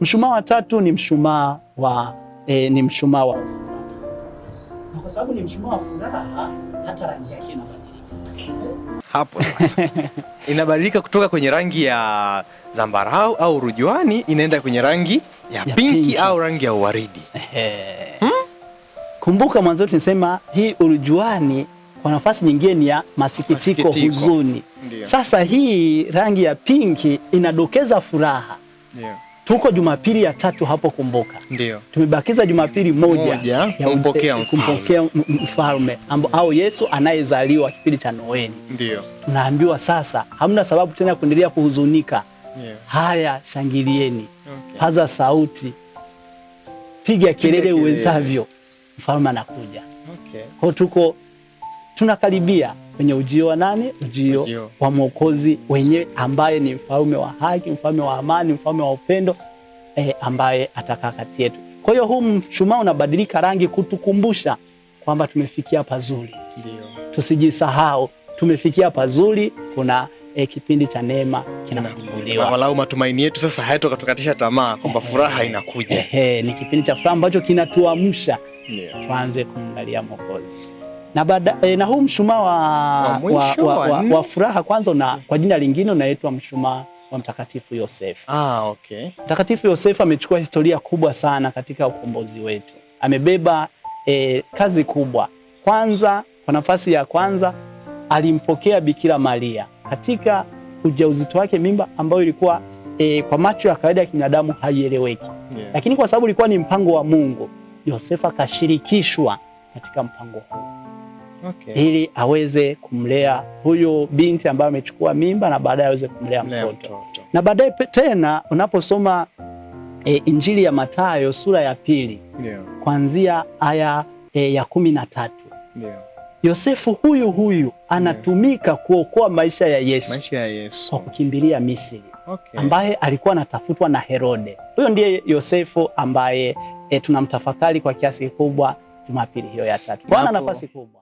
Mshumaa wa tatu ni mshumaa wa e, ni mshumaa wa furaha, na kwa sababu ni mshumaa wa furaha, hata rangi yake inabadilika hapo sasa. Inabadilika kutoka kwenye rangi ya zambarau au rujuani inaenda kwenye rangi ya, ya pinki, pinki au rangi ya uwaridi. Hmm? Kumbuka mwanzo tunasema hii urujuani kwa nafasi nyingine ni ya masikitiko, masikitiko, huzuni. Ndiyo. Sasa hii rangi ya pinki inadokeza furaha. Ndiyo tuko Jumapili ya tatu hapo, kumbuka. Ndio. Tumebakiza Jumapili moja, moja kumpokea kumpokea mfalme au Yesu anayezaliwa kipindi cha Noeli. Ndio. Tunaambiwa sasa hamna sababu tena kuendelea kuhuzunika. Yeah. Haya, shangilieni. Okay. Paza sauti, piga kelele uwezavyo, mfalme anakuja. Okay. Kwa tuko tunakaribia kwenye ujio wa nani? Ujio, ujio wa Mwokozi wenyewe ambaye ni mfalme wa haki, mfalme wa amani, mfalme wa upendo eh, ambaye atakaa kati yetu. Kwa hiyo huu mshumaa unabadilika rangi kutukumbusha kwamba tumefikia pazuri. Ndio. Tusijisahau, tumefikia pazuri, kuna E, kipindi cha neema kinafunguliwa, walau matumaini yetu sasa hayatokatukatisha tamaa, kwamba furaha inakuja. ni kipindi cha furaha ambacho kinatuamsha, Tuanze kumngalia Mwokozi na, bada, e, na huu mshumaa wa, wa, wa, wa, wa, wa furaha kwanza na kwa jina lingine unaitwa mshumaa wa Mtakatifu Yosefu. Ah, okay. Mtakatifu Yosefu amechukua historia kubwa sana katika ukombozi wetu, amebeba e, kazi kubwa. Kwanza, kwa nafasi ya kwanza alimpokea Bikira Maria katika ujauzito wake, mimba ambayo ilikuwa e, kwa macho ya kawaida ya kibinadamu haieleweki, yeah. Lakini kwa sababu ilikuwa ni mpango wa Mungu, Yosefu akashirikishwa katika mpango huu okay, ili aweze kumlea huyo binti ambaye amechukua mimba na baadaye aweze kumlea mtoto. Na baadaye tena unaposoma e, Injili ya Mathayo sura ya pili yeah, kuanzia aya e, ya kumi na tatu yeah. Yosefu huyu huyu anatumika yeah, kuokoa maisha ya Yesu, maisha ya Yesu, kwa kukimbilia Misri okay, ambaye alikuwa anatafutwa na Herode. Huyo ndiye Yosefu ambaye e, tunamtafakari kwa kiasi kikubwa Jumapili hiyo ya tatu. Bwana nafasi kubwa